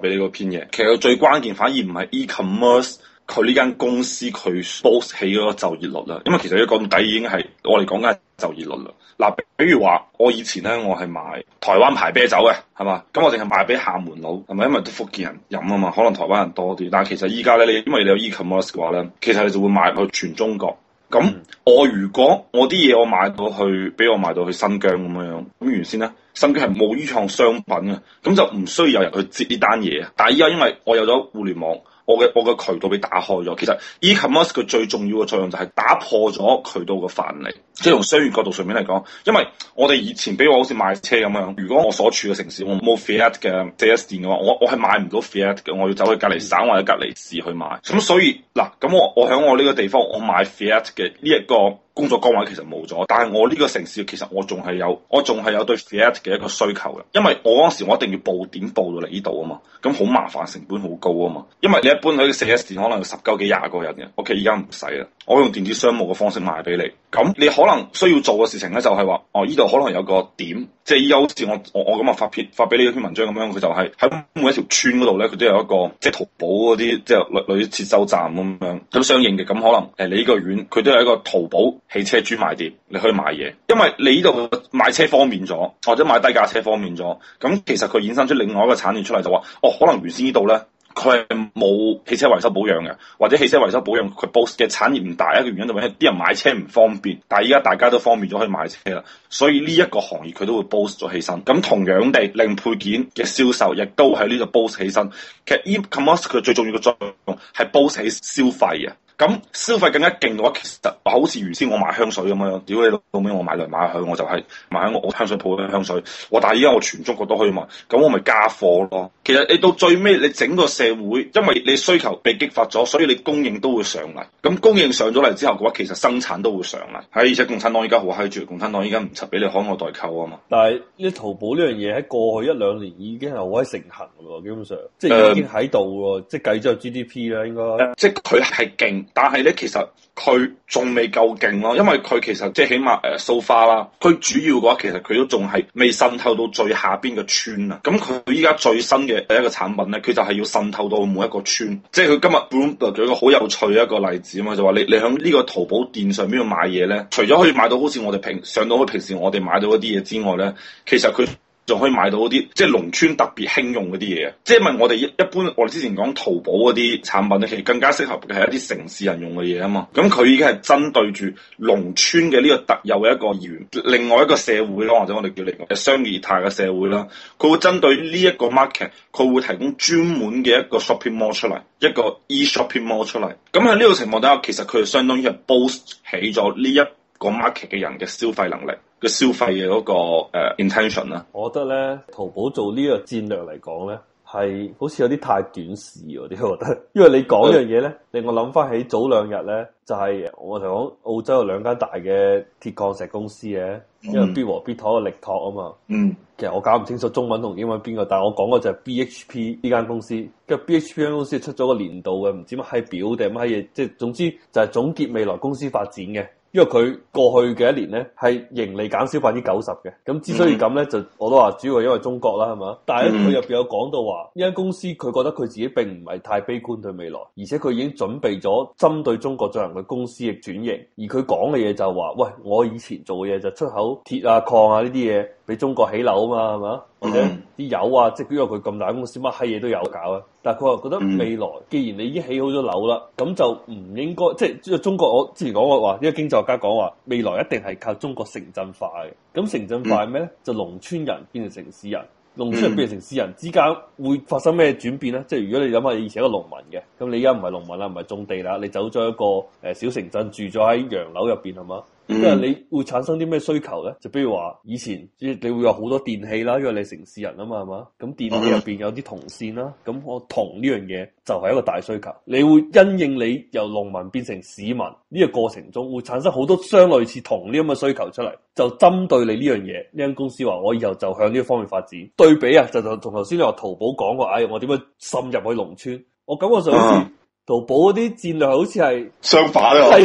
俾你嗰篇嘢，其實最關鍵反而唔係 e-commerce 佢呢間公司佢 boost 起嗰個就業率啦，因為其實一講到底已經係我哋講緊係就業率啦。嗱、啊，比如話我以前咧，我係賣台灣牌啤酒嘅，係嘛，咁我淨係賣俾廈門佬，係咪因為都福建人飲啊嘛？可能台灣人多啲，但係其實依家咧，你因為你有 e-commerce 嘅話咧，其實你就會賣去全中國。咁、嗯、我如果我啲嘢我買到去，俾我買到去新疆咁樣樣，咁原先咧，新疆係冇呢項商品嘅，咁就唔需要有人去接呢單嘢。但係依家因為我有咗互聯網，我嘅我嘅渠道俾打開咗，其實 e-commerce 佢最重要嘅作用就係打破咗渠道嘅藩籬。即係從商業角度上面嚟講，因為我哋以前比我好似買車咁樣，如果我所處嘅城市我冇菲亞特嘅四 S 店嘅話，我我係買唔到菲亞特嘅，我要走去隔離省或者隔離市去買。咁所以嗱，咁我我喺我呢個地方我買菲亞特嘅呢一個工作崗位其實冇咗，但係我呢個城市其實我仲係有，我仲係有對菲亞特嘅一個需求嘅，因為我嗰時我一定要報點報到嚟呢度啊嘛，咁好麻煩，成本好高啊嘛。因為你一般喺四 S 店可能有十幾廿個人嘅，OK，而家唔使啦，我用電子商務嘅方式賣俾你，咁你可能。可能需要做嘅事情咧，就係話哦，依度，可能有個點，即係好似我我我咁啊發片發俾你一篇文章咁樣，佢就係喺每一條村嗰度咧，佢都有一個即係淘寶嗰啲，即係類類似接收站咁樣，咁相應嘅咁可能誒，你呢個院，佢都有一個淘寶汽車專賣店，你可以買嘢，因為你呢度買車方便咗，或者買低價車方便咗，咁其實佢衍生出另外一個產業出嚟，就話哦，可能原先呢度咧。佢冇汽車維修保養嘅，或者汽車維修保養佢 boost 嘅產業唔大，一個原因就係啲人買車唔方便，但係依家大家都方便咗可以買車啦，所以呢一個行業佢都會 boost 咗起身。咁同樣地，零配件嘅銷售亦都喺呢度 boost 起身。其實 e-commerce 佢最重要嘅作用係 boost 起消費啊。咁消費更加勁嘅話，其實話好似原先我買香水咁樣，屌你到尾我買嚟買去，我就係買喺我我香水鋪嘅香水。我但係依家我全中國都可以買，咁我咪加貨咯。其實你到最尾你整個社會，因為你需求被激發咗，所以你供應都會上嚟。咁、嗯、供應上咗嚟之後嘅話，那個、其實生產都會上嚟。係，而且共產黨依家好閪住，共產黨依家唔出俾你海外代購啊嘛。但係呢淘寶呢樣嘢喺過去一兩年已經係好盛行喎，基本上即係已經喺度喎，嗯、即係計咗 GDP 啦，應該。嗯、即係佢係勁，但係咧，其實佢仲未夠勁咯，因為佢其實即係起碼誒 so far 啦。佢、呃、主要嘅話，其實佢都仲係未滲透到最下邊嘅村啊。咁佢依家最新嘅一個產品咧，佢就係要滲透到每一個村，即係佢今日 boom 就舉個好有趣一個例子啊嘛，就話你你喺呢個淘寶店上邊買嘢咧，除咗可以買到好似我哋平上到去平時我哋買到嗰啲嘢之外咧，其實佢。就可以買到啲即係農村特別輕用嗰啲嘢，即係唔係我哋一一般，我哋之前講淘寶嗰啲產品咧，其實更加適合嘅係一啲城市人用嘅嘢啊嘛。咁佢已經係針對住農村嘅呢個特有嘅一個元素，另外一個社會啦，或者我哋叫嚟嘅商業態嘅社會啦，佢會針對呢一個 market，佢會提供專門嘅一個 shopping mall 出嚟，一個 e shopping mall 出嚟。咁喺呢個情況底下，其實佢就相當於係 boost 起咗呢一個 market 嘅人嘅消費能力。消費個消費嘅嗰個誒 intention 啊，我覺得咧淘寶做呢個戰略嚟講咧，係好似有啲太短視喎，啲我覺得。因為你講樣嘢咧， 令我諗翻起早兩日咧，就係、是、我同講澳洲有兩間大嘅鐵礦石公司嘅，因為必和必拓個力拓啊嘛。嗯，其實我搞唔清楚中文同英文邊個，但係我講嘅就係 BHP 呢間公司，跟 BHP 呢間公司出咗個年度嘅唔知乜閪表定乜閪嘢，即係總之就係總結未來公司發展嘅。因為佢過去嘅一年咧，係盈利減少百分之九十嘅。咁之所以咁呢，就我都話主要係因為中國啦，係嘛。但係佢入邊有講到話，呢間公司佢覺得佢自己並唔係太悲觀對未來，而且佢已經準備咗針對中國進行佢公司嘅轉型。而佢講嘅嘢，就係話，喂，我以前做嘅嘢，就出口鐵啊、礦啊呢啲嘢。你中國起樓嘛係嘛？或者啲油啊，即係因為佢咁大公司，乜閪嘢都有搞啊。但係佢又覺得未來，既然你已經起好咗樓啦，咁就唔應該即係中國。我之前講過話，呢個經濟學家講話，未來一定係靠中國城鎮化嘅。咁城鎮化係咩咧？就農村人變成城市人，農村人變成城市人之間會發生咩轉變咧？嗯、即係如果你諗下，以前一個農民嘅，咁你而家唔係農民啦，唔係種地啦，你走咗一個誒小城鎮住咗喺洋樓入邊係嘛？因為、嗯、你會產生啲咩需求咧？就比如話以前，即你會有好多電器啦，因為你城市人啊嘛，係嘛？咁電器入邊有啲銅線啦，咁我銅呢樣嘢就係一個大需求。你會因應你由農民變成市民呢、這個過程中，會產生好多相類似銅呢咁嘅需求出嚟，就針對你呢樣嘢，呢、這、間、個、公司話我以後就向呢方面發展。對比啊，就就同頭先你話淘寶講過，哎，我點樣滲入去農村？我感覺上好似淘寶嗰啲戰略好似係相反咯、啊。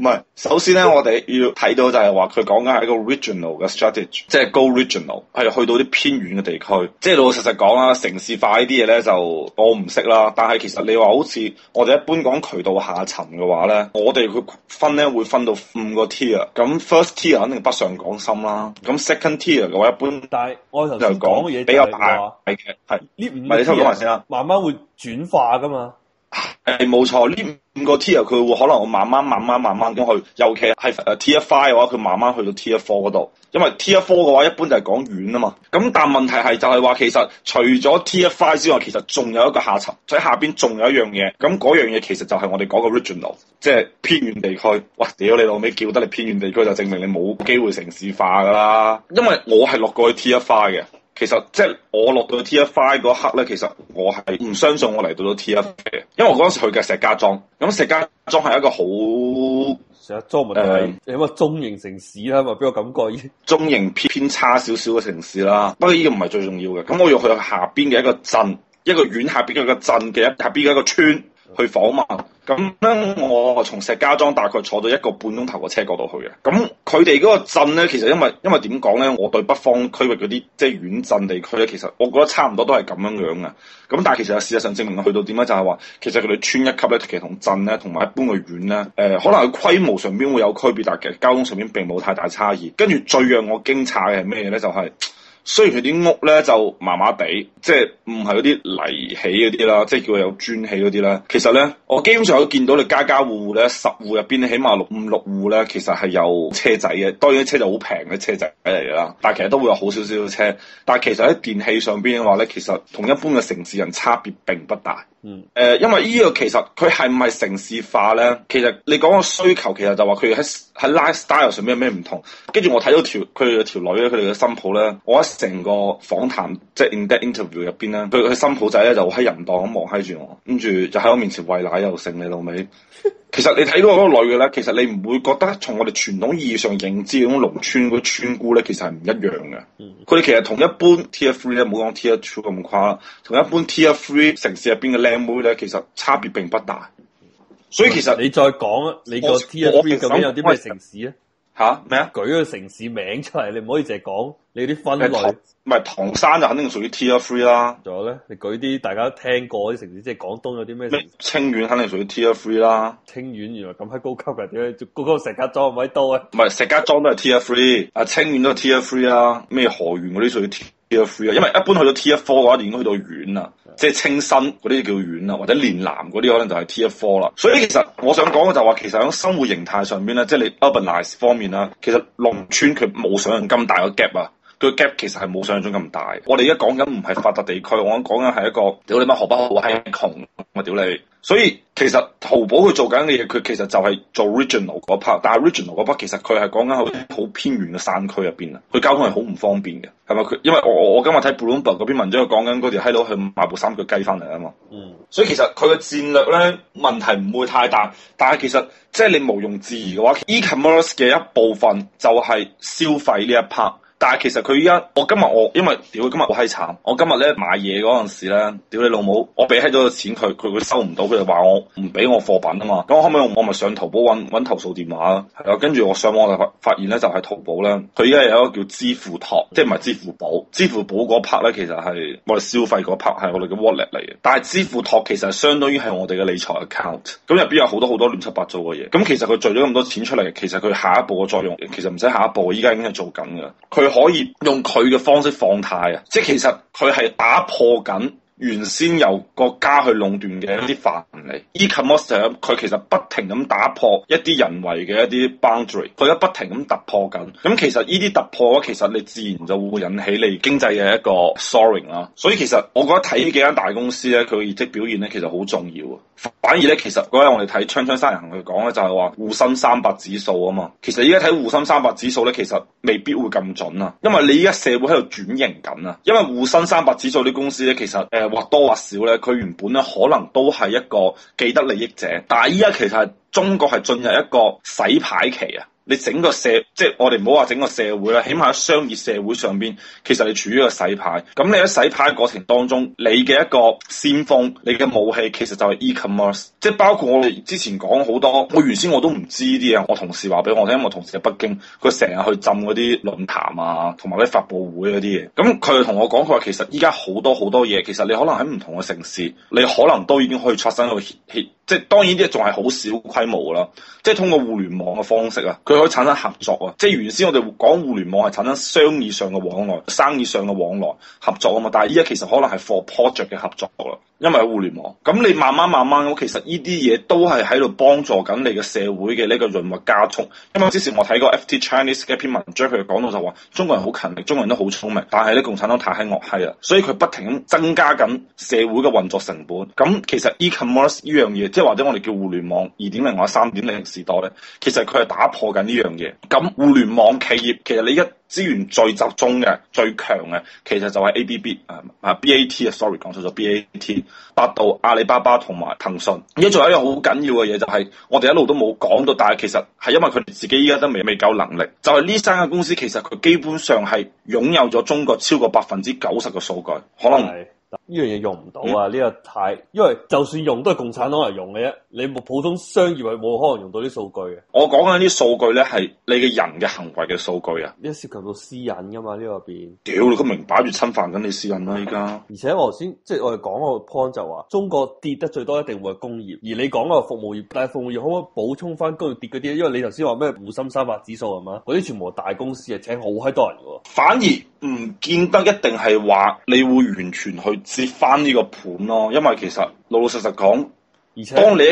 唔係，首先咧，嗯、我哋要睇到就係話佢講緊係一個 regional 嘅 strategy，即係 go regional，係去到啲偏遠嘅地區。即係老老實實講啦，城市化呢啲嘢咧就我唔識啦。但係其實你話好似我哋一般講渠道下沉嘅話咧，我哋佢分咧會分到五個 tier。咁 first tier 肯定北上廣深啦。咁 second tier 嘅話一般、嗯，但係我頭先講嘅嘢、就是、比較大嘅係呢五個 tier 慢慢會轉化噶嘛。係冇錯，呢五個 tier 佢會可能會慢慢、慢慢、慢慢咁去，尤其係誒 T5 嘅話，佢慢慢去到 T4 嗰度，因為 T4 嘅話一般就係講遠啊嘛。咁但問題係就係話，其實除咗 T5 之外，其實仲有一個下層，喺下邊仲有一樣嘢。咁嗰樣嘢其實就係我哋講嘅 original，即係偏遠地區。哇，屌你老尾叫得你偏遠地區，就證明你冇機會城市化噶啦因為我係落過去 T5 嘅。其實即係我落到 T15 嗰刻咧，其實我係唔相信我嚟到咗 T15 嘅，因為我嗰陣時去嘅石家莊，咁石家莊係一個好石家莊問題係，有乜、嗯、中型城市啦，畀我感覺中型偏偏差少少嘅城市啦，不過呢個唔係最重要嘅。咁我要去下邊嘅一個鎮，一個縣下邊嘅一個鎮嘅一，下邊嘅一個村。去訪問，咁咧我從石家莊大概坐咗一個半鐘頭個車過到去嘅，咁佢哋嗰個鎮咧，其實因為因為點講咧，我對北方區域嗰啲即係縣鎮地區咧，其實我覺得差唔多都係咁樣樣嘅，咁但係其實事實上證明去到點咧，就係話其實佢哋村一級咧，其實同鎮咧，同埋一般嘅縣咧，誒、呃、可能佢規模上邊會有區別，但係其實交通上邊並冇太大差異。跟住最讓我驚訝嘅係咩咧？就係。雖然佢啲屋咧就麻麻地，即係唔係嗰啲泥起嗰啲啦，即係叫佢有磚起嗰啲啦。其實咧，我基本上都見到你家家戶戶咧十戶入邊起碼六五六戶咧，其實係有車仔嘅。當然，啲車就好平嘅車仔喺嚟啦，但係其實都會有好少少嘅車。但係其實喺電器上邊嘅話咧，其實同一般嘅城市人差別並不大。嗯，誒，uh, 因為呢個其實佢係唔係城市化咧？其實你講個需求，其實就話佢喺喺 lifestyle 上面有咩唔同？跟住我睇到條佢哋條女咧，佢哋嘅新抱咧，我喺成個訪談即係、就是、in that interview 入邊咧，佢佢新抱仔咧就喺人檔咁望喺住我，跟住就喺我面前喂奶又剩你老味。 其實你睇到嗰個女嘅咧，其實你唔會覺得從我哋傳統意義上認知嗰種農村村姑咧，其實係唔一樣嘅。佢哋其實同一般 Tier Three 咧，唔好講 Tier Two 咁誇，同一般 Tier Three 城市入邊嘅靚妹咧，其實差別並不大。所以其實你再講，你個 Tier Three 究竟有啲咩城市咧？吓咩啊？舉個城市名出嚟，你唔可以淨係講你啲分類。唔係唐，唐山就肯定屬於 Tier Three 啦。仲有咧，你舉啲大家都聽過啲城市，即係廣東有啲咩？清遠肯定屬於 Tier Three 啦。清遠原來咁喺高級嘅，點解？高級石家莊唔喺度啊？唔係石家莊都係 Tier Three 啊，清遠都 Tier Three 啊，咩河源嗰啲屬於。因為一般去到 Tier four 嘅話，話，已經去到縣啦，即係清新嗰啲叫縣啊，或者連南嗰啲可能就係 Tier four 啦。所以其實我想講嘅就係話、就是，其實響生活形態上邊咧，即係你 urbanize 方面啦，其實農村佢冇想象咁大個 gap 啊。個 gap 其實係冇想象中咁大。我哋而家講緊唔係發達地區，我講緊係一個屌你咪河北好閪窮啊！屌你，所以其實淘寶佢做緊嘅嘢，佢其實就係做 regional 嗰 part。但係 regional 嗰 part 其實佢係講緊好好偏遠嘅山區入邊啊，佢交通係好唔方便嘅，係咪佢？因為我我今日睇 Bloomberg 嗰篇文章，佢講緊嗰條閪佬去買部三腳雞翻嚟啊嘛。嗯，所以其實佢嘅戰略咧問題唔會太大，但係其實即係、就是、你毋庸置疑嘅話，e-commerce 嘅一部分就係消費呢一 part。但係其實佢依家，我今日我因為屌佢今日好閪慘，我今日咧買嘢嗰陣時咧，屌你老母，我俾閪咗個錢佢，佢佢收唔到，佢就話我唔俾我貨品啊嘛。咁我可唔可以用我咪上淘寶揾揾投訴電話啦？跟住我上網我就發發現咧，就係淘寶咧，佢依家有一個叫支付托，即係唔係支付寶？支付寶嗰 part 咧，其實係我哋消費嗰 part 係我哋嘅 wallet 嚟嘅。但係支付托其實相當於係我哋嘅理財 account。咁入邊有好多好多亂七八糟嘅嘢。咁其實佢聚咗咁多錢出嚟，其實佢下一步嘅作用，其實唔使下一步，依家已經係做緊嘅。佢。可以用佢嘅方式放貸啊！即係其實，佢係打破緊。原先由國家去壟斷嘅一啲範嚟 e-commerce 佢其實不停咁打破一啲人為嘅一啲 boundary，佢而家不停咁突破緊。咁其實呢啲突破咧，其實你自然就會引起你經濟嘅一個 soaring 啦。所以其實我覺得睇呢幾間大公司咧，佢嘅業績表現咧，其實好重要。反而咧，其實嗰日我哋睇鏘鏘三人行去講咧，就係話滬深三百指數啊嘛。其實依家睇滬深三百指數咧，其實未必會咁準啊，因為你依家社會喺度轉型緊啊，因為滬深三百指數啲公司咧，其實誒。呃或多或少咧，佢原本咧可能都係一個既得利益者，但係依家其實中國係進入一個洗牌期啊。你整個社，即係我哋唔好話整個社會啦，起碼喺商業社會上面，其實你處於一個洗牌。咁你喺洗牌過程當中，你嘅一個先鋒，你嘅武器其實就係 e-commerce，即係包括我哋之前講好多，我原先我都唔知啲嘢，我同事話俾我聽，因為我同事喺北京，佢成日去浸嗰啲論壇啊，同埋啲發布會嗰啲嘢。咁佢同我講，佢話其實依家好多好多嘢，其實你可能喺唔同嘅城市，你可能都已經可以出生去。個 h 即係當然，啲仲係好小規模咯。即係通過互聯網嘅方式啊，佢可以產生合作啊。即係原先我哋講互聯網係產生商業上嘅往來、生意上嘅往來合作啊嘛。但係依家其實可能係 for project 嘅合作咯、啊，因為互聯網。咁、嗯、你慢慢慢慢咁，其實呢啲嘢都係喺度幫助緊你嘅社會嘅呢個潤物加速。因為之前我睇過 FT Chinese 嘅篇文章，佢講到就話中國人好勤力，中國人都好聰明，但係咧共產黨太係惡係啦，所以佢不停增加緊社會嘅運作成本。咁、嗯、其實 e-commerce 呢樣嘢。即或者我哋叫互聯網二點零或者三點零時代咧，其實佢係打破緊呢樣嘢。咁互聯網企業其實你而家資源最集中嘅、最強嘅，其實就係 ABB 啊啊 BAT 啊，sorry 講錯咗 BAT，百度、阿里巴巴同埋騰訊。而家仲有一樣好緊要嘅嘢就係，我哋一路都冇講到，但係其實係因為佢哋自己而家都未未夠能力，就係呢三間公司其實佢基本上係擁有咗中國超過百分之九十嘅數據，可能。呢樣嘢用唔到啊！呢、嗯、個太，因為就算用都係共產黨嚟用嘅啫，你冇普通商業係冇可能用到啲數據嘅。我講緊啲數據咧係你嘅人嘅行為嘅數據啊，呢個涉及到私隱噶嘛？呢、這個邊？屌，你佢明擺住侵犯緊你私隱啦！而家。而且我頭先即係我哋講個 point 就話、是，中國跌得最多一定會係工業，而你講個服務業，但係服務業可唔可以補充翻工業跌嗰啲？因為你頭先話咩滬深三百指數係嘛？嗰啲全部大公司係請好閪多人喎。反而唔見得一定係話你會完全去。跌翻呢個盤咯，因為其實老老實實講，而且當你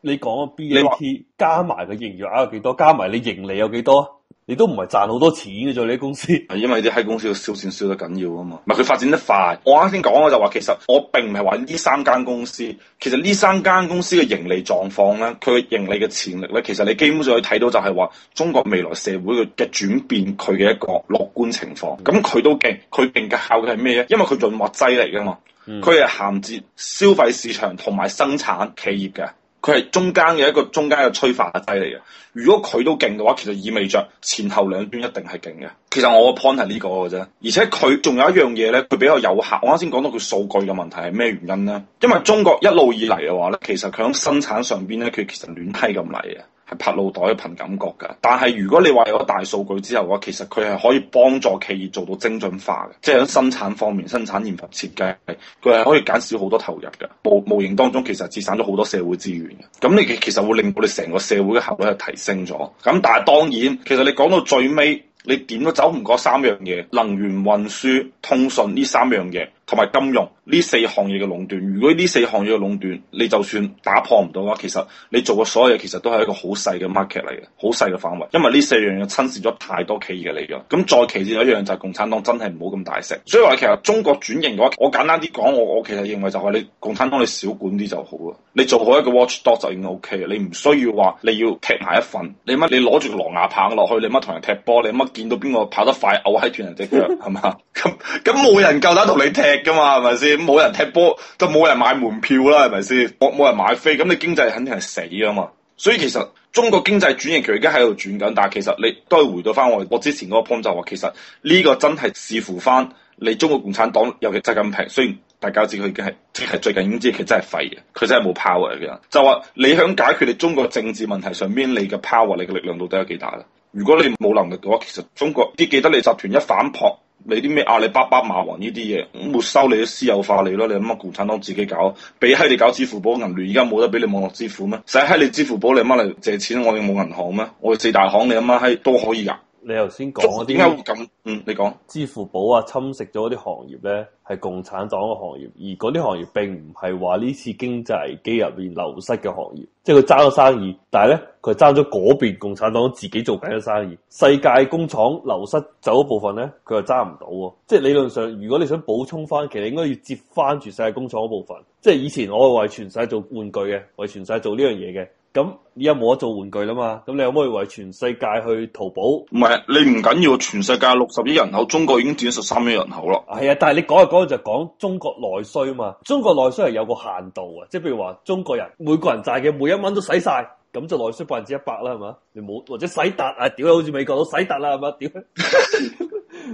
你講 BAT< 說>加埋嘅營業額有幾多，加埋你盈利有幾多，你都唔係賺好多錢嘅啫。呢啲公司係因為啲喺公司度燒錢燒得緊要啊嘛，唔係佢發展得快。我啱先講我就話、是，其實我並唔係話呢三間公司，其實呢三間公司嘅盈利狀況咧，佢嘅盈利嘅潛力咧，其實你基本上可以睇到就係話中國未來社會嘅轉變，佢嘅一個樂觀情況。咁佢、嗯、都勁，佢勁嘅靠嘅係咩咧？因為佢潤滑劑嚟噶嘛。佢係銜接消費市場同埋生產企業嘅，佢係中間嘅一個中間嘅催化劑嚟嘅。如果佢都勁嘅話，其實意味着前後兩端一定係勁嘅。其實我個 point 係呢個嘅啫，而且佢仲有一樣嘢咧，佢比較有效。我啱先講到佢數據嘅問題係咩原因咧？因為中國一路以嚟嘅話咧，其實佢喺生產上邊咧，佢其實亂批咁嚟嘅。拍腦袋去憑感覺噶，但係如果你話有咗大數據之後嘅話，其實佢係可以幫助企業做到精準化嘅，即係喺生產方面、生產研發設計，佢係可以減少好多投入嘅，無無形當中，其實節省咗好多社會資源嘅。咁你其實會令到你成個社會嘅效率係提升咗。咁但係當然，其實你講到最尾，你點都走唔過三樣嘢：能源運輸、通訊呢三樣嘢。同埋金融呢四行嘢嘅壟斷，如果呢四行嘢嘅壟斷，你就算打破唔到嘅話，其實你做嘅所有嘢其實都係一個好細嘅 market 嚟嘅，好細嘅範圍，因為呢四樣嘢侵蝕咗太多企業嘅利潤。咁再其次一樣就係、是、共產黨真係唔好咁大食，所以話其實中國轉型嘅話，我簡單啲講，我我其實認為就係你共產黨你少管啲就好啦，你做好一個 watchdog 就已經 OK 嘅，你唔需要話你要踢埋一份，你乜你攞住個狼牙棒落去，你乜同人踢波，你乜見到邊個跑得快，咬、呃、喺斷人隻腳，係嘛 是吧？咁咁冇人夠膽同你踢。 噶嘛，係咪先？冇人踢波，就冇人買門票啦，係咪先？冇冇人買飛，咁你經濟肯定係死噶嘛。所以其實中國經濟轉型佢而家喺度轉緊，但係其實你都係回到翻我我之前嗰個 point 就話，其實呢個真係視乎翻你中國共產黨，尤其習近平。雖然大家知佢已經係即係最近，已經知佢真係廢嘅，佢真係冇 power 嘅。就話你響解決你中國政治問題上邊，你嘅 power，你嘅力量到底有幾大咧？如果你冇能力嘅話，其實中國啲既得利益集團一反撲。你啲咩阿里巴巴、馬雲呢啲嘢，沒收你啲私有化你咯，你阿媽共產黨自己搞，俾閪你搞支付寶銀聯，而家冇得俾你網絡支付咩？使閪你支付寶，你阿媽嚟借錢，我哋冇銀行咩？我哋四大行你阿媽閪都可以㗎。你頭先講嗰啲，嗯，你講支付寶啊，侵蝕咗啲行業咧，係共產黨嘅行業，而嗰啲行業並唔係話呢次經濟危機入面流失嘅行業，即係佢爭咗生意，但係咧，佢係爭咗嗰邊共產黨自己做緊嘅生意。世界工廠流失走一部分咧，佢又爭唔到喎。即係理論上，如果你想補充翻，其實應該要接翻住世界工廠嗰部分。即係以前我係為全世界做玩具嘅，為全世界做呢樣嘢嘅。咁而家冇得做玩具啦嘛，咁你有冇可以為全世界去淘寶？唔係，你唔緊要，全世界六十億人口，中國已經占十三億人口啦。係啊，但係你講啊講就講中國內需啊嘛，中國內需係有個限度啊，即係譬如話中國人每個人賺嘅每一蚊都使晒，咁就內需百分之一百啦，係嘛？你冇或者使達啊？屌，好似美國都使達啦，係嘛？屌！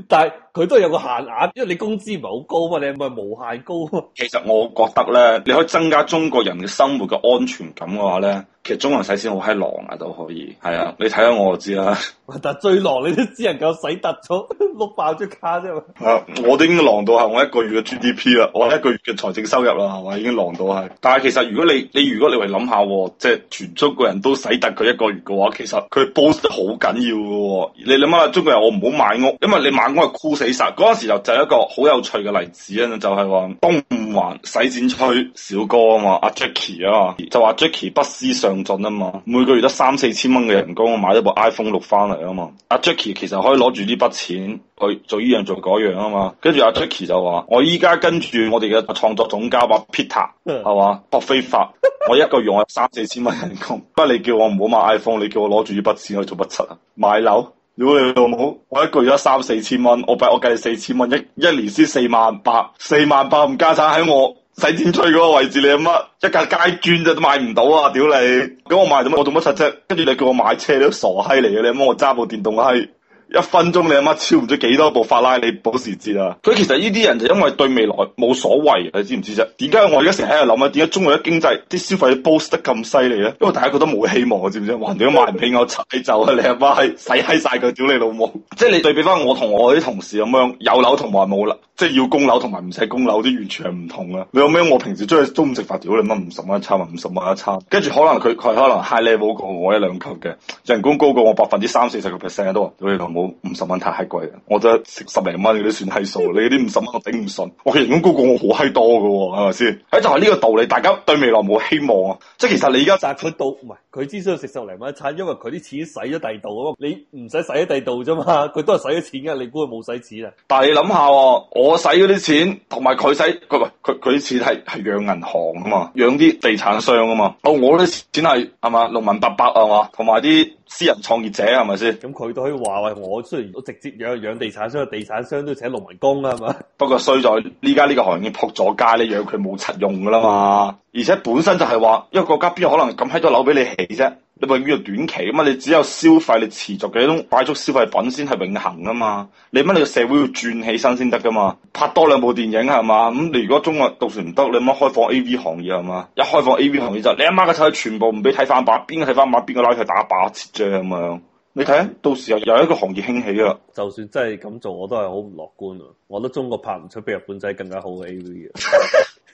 但係佢都有個限額，因為你工資唔係好高嘛，你係咪無限高啊？其實我覺得咧，你可以增加中國人嘅生活嘅安全感嘅話咧。其實中國人使錢好閪狼啊，都可以，係啊，你睇下我就知啦。但係最狼，你都只能夠使突咗碌爆張卡啫嘛。啊，我都已經浪到係，我一個月嘅 GDP 啦，我一個月嘅財政收入啦，我已經浪到係，啊。但係其實如果你你如果你話諗下，哦、即係全中國人都使突佢一個月嘅話，其實佢 boost 得好緊要嘅，哦。你諗下，中國人我唔好買屋，因為你買屋係箍死晒。嗰陣時就係一個好有趣嘅例子啊，就係話東環洗剪吹小哥啊嘛，阿 Jacky 啊 Jack 嘛，就話 Jacky 不思上。進啊嘛，每個月得三四千蚊嘅人工，我買咗部 iPhone 六，返嚟，啊嘛。阿 Jacky 其實可以攞住呢筆錢去做呢樣做嗰樣啊嘛。跟住阿 Jacky 就話：我依家跟住我哋嘅創作總監 Peter 係嘛，博非法，我一個月我有三四千蚊人工。不過你叫我唔好買 iPhone，你叫我攞住呢筆錢去做乜柒啊？買樓如果你老母，我一個月得三四千蚊，我我計你四千蚊，一一年先四萬八，四萬八唔加產喺我。洗剪吹嗰個位置，你阿媽一格街磚就都買唔到啊！屌你，咁我賣到乜？我做乜柒啫？跟住你叫我買車，你都傻閪嚟嘅，你阿媽我揸部電動係，一分鐘你阿媽超唔知幾多部法拉利、保時捷啊！佢其實呢啲人就因為對未來冇所謂，你知唔知啫？點解我而家成日喺度諗啊？點解中國嘅經濟啲消費都 boost 得咁犀利咧？因為大家覺得冇希望，知唔知？橫掂買唔起我踩走啊！你阿媽係使閪晒佢。屌你老母！即係 你對比翻我同我啲同事咁樣，有樓同埋冇樓。即係要供樓同埋唔使供樓啲完全係唔同啊！你有咩？我平時中意中午食飯，屌你乜五十蚊一餐，五十蚊一餐。跟住可能佢佢可能 high level 過我一兩級嘅人工高過我百分之三四十個 percent 都話，我哋同我五十蚊太貴啦！我覺得食十零蚊嗰啲算低數，你啲五十蚊我頂唔順。我 人工高過我好閪多嘅喎，係咪先？喺就係、是、呢個道理，大家對未來冇希望啊！即係其實你而家，但係佢到唔係佢只需要食十零蚊一餐，因為佢啲錢使咗第二度啊嘛。你唔使使喺第二度啫嘛，佢都係使咗錢嘅，你估佢冇使錢啊？但係你諗下喎，我我使嗰啲錢同埋佢使佢唔佢佢啲錢係係養銀行啊嘛，養啲地產商啊嘛。哦，我啲錢係係嘛，農民伯伯啊嘛，同埋啲私人創業者，係咪先？咁佢都可以話，喂，我雖然都直接養養地產商，地產商都請農民工啊嘛。係咪 不過衰在呢家呢個行業撲咗街，你養佢冇實用噶啦嘛。而且本身就係話，因為國家邊有可能咁喺度樓俾你起啫。你永遠係短期咁嘛，你只有消費，你持續嘅一種快速消費品先係永恒噶嘛？你乜你個社會要轉起身先得噶嘛？拍多兩部電影係嘛？咁你如果中國到時唔得，你乜開放 A V 行業係嘛？一開放 A V 行業就你阿媽嘅醜女全部唔俾睇翻版，邊個睇翻版邊個拉佢打靶射啫咁樣？你睇，到時候又有一個行業興起啦。就算真係咁做，我都係好唔樂觀啊！我覺得中國拍唔出比日本仔更加好嘅 A V 啊！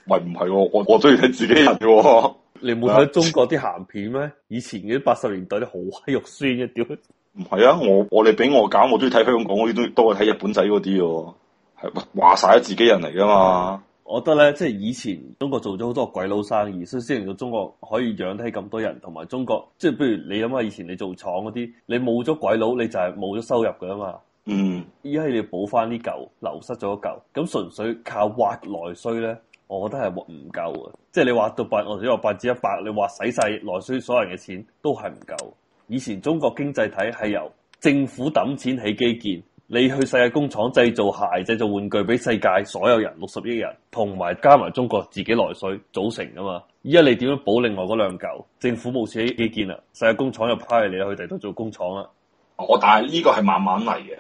咪唔係我我中意睇自己人嘅。 你冇睇中國啲鹹片咩？以前啲八十年代啲好閪肉酸一啲。唔 係啊，我我哋俾我揀，我中意睇香港嗰啲，都係睇日本仔嗰啲咯。係話晒自己人嚟噶嘛？我覺得咧，即係以前中國做咗好多鬼佬生意，所以先令到中國可以養得起咁多人，同埋中國即係，譬如你諗下，以前你做廠嗰啲，你冇咗鬼佬，你就係冇咗收入噶嘛？嗯，依家你要補翻啲舊，流失咗一舊，咁純粹靠挖內需咧？我覺得係唔夠啊。即係你話到八，我哋話八至一百，你話使晒內需所有人嘅錢都係唔夠。以前中國經濟體系由政府抌錢起基建，你去世界工廠製造鞋，製造玩具俾世界所有人六十億人，同埋加埋中國自己內需組成噶嘛？依家你點樣補另外嗰兩嚿？政府冇錢起基建啊，世界工廠又派你去第度做工廠啦。我但係呢個係慢慢嚟嘅，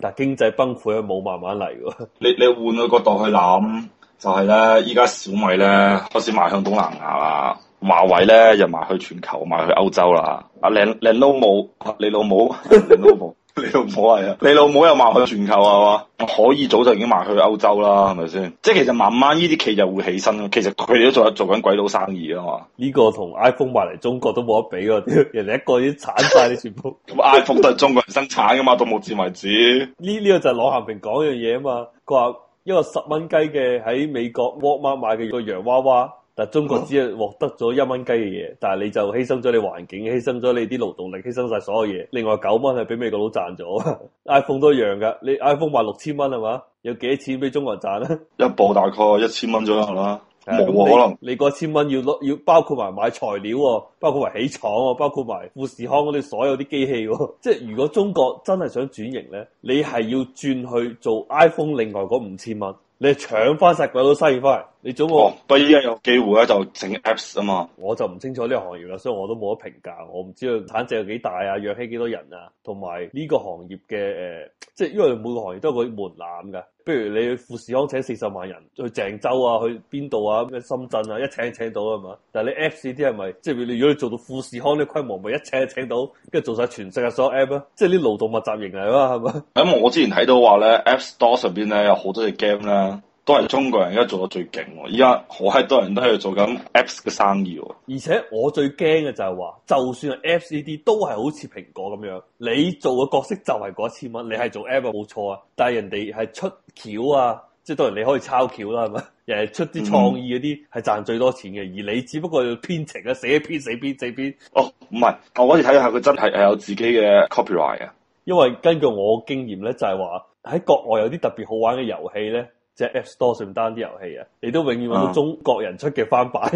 但係經濟崩潰冇慢慢嚟嘅。你你換個角度去諗。就係咧，依家小米咧開始賣向東南亞啦，華為咧又賣去全球，賣去歐洲啦。阿靚靚老母，你老母，靚老母，你老母係啊？你老母又賣去全球係嘛？可以早就已經賣去歐洲啦，係咪先？即係其實慢慢呢啲企就會起身，其實佢哋都仲做做緊鬼佬生意啊嘛。呢個同 iPhone 賣嚟中國都冇得比啊！人哋一個已經產晒啲全部，咁 iPhone 都係中國人生產噶嘛，到目前為止。呢呢、 這個就係攞咸平講樣嘢啊嘛，佢話。一個十蚊雞嘅喺美國沃爾瑪買嘅個洋娃娃，但係中國只係獲得咗一蚊雞嘅嘢，但係你就犧牲咗你環境，犧牲咗你啲勞動力，犧牲晒所有嘢。另外九蚊係俾美國佬賺咗。 iPhone 都一樣噶，你 iPhone 賣六千蚊係嘛？有幾多錢俾中國人賺啊？ 一部大概一千蚊左右啦。冇可能，你嗰千蚊要攞，要包括埋買材料、啊，包括埋起廠、啊，包括埋富士康嗰啲所有啲機器、啊。 即係如果中國真係想轉型咧，你係要轉去做 iPhone 另外嗰五千蚊，你搶翻晒鬼佬生意翻嚟，你做冇？不依家有機會咧，就整 Apps 啊嘛。我就唔清楚呢個行業啦，所以我都冇得評價。我唔知道產值有幾大啊，養起幾多人啊，同埋呢個行業嘅誒、呃，即係因為每個行業都有個門檻噶不如你去富士康請四十萬人去鄭州啊，去邊度啊？咩深圳啊，一請就請到係嘛？但係你 Apps 啲係咪，即係如果你做到富士康啲規模，咪一請就請到，跟住做晒全世界所有 App 啊。即係啲勞動密集型嚟咯，係嘛？咁、嗯、我之前睇到話咧，App Store 上邊咧有好多隻 game 啦。嗯都係中國人，而家做得最勁喎。而家好閪多人都喺度做緊 Apps 嘅生意喎。而且我最驚嘅就係話，就算係 Apps 呢啲，都係好似蘋果咁樣，你做嘅角色就係嗰一千蚊，你係做 App 冇錯啊。但係人哋係出橋啊，即係當然你可以抄橋啦、啊，係咪？人哋出啲創意嗰啲係賺最多錢嘅，而你只不過編程啊，寫篇寫篇寫篇。篇篇篇哦，唔係，我可以睇下佢真係係有自己嘅 copyright 啊。因為根據我經驗咧，就係話喺國外有啲特別好玩嘅遊戲咧。即係 App Store 上單啲遊戲啊，你都永遠揾到中國人出嘅翻版，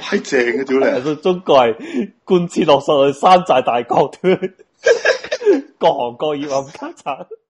係、嗯、 正嘅，屌你，中國係貫徹落實去山寨大國， 各行各業冚家鏟。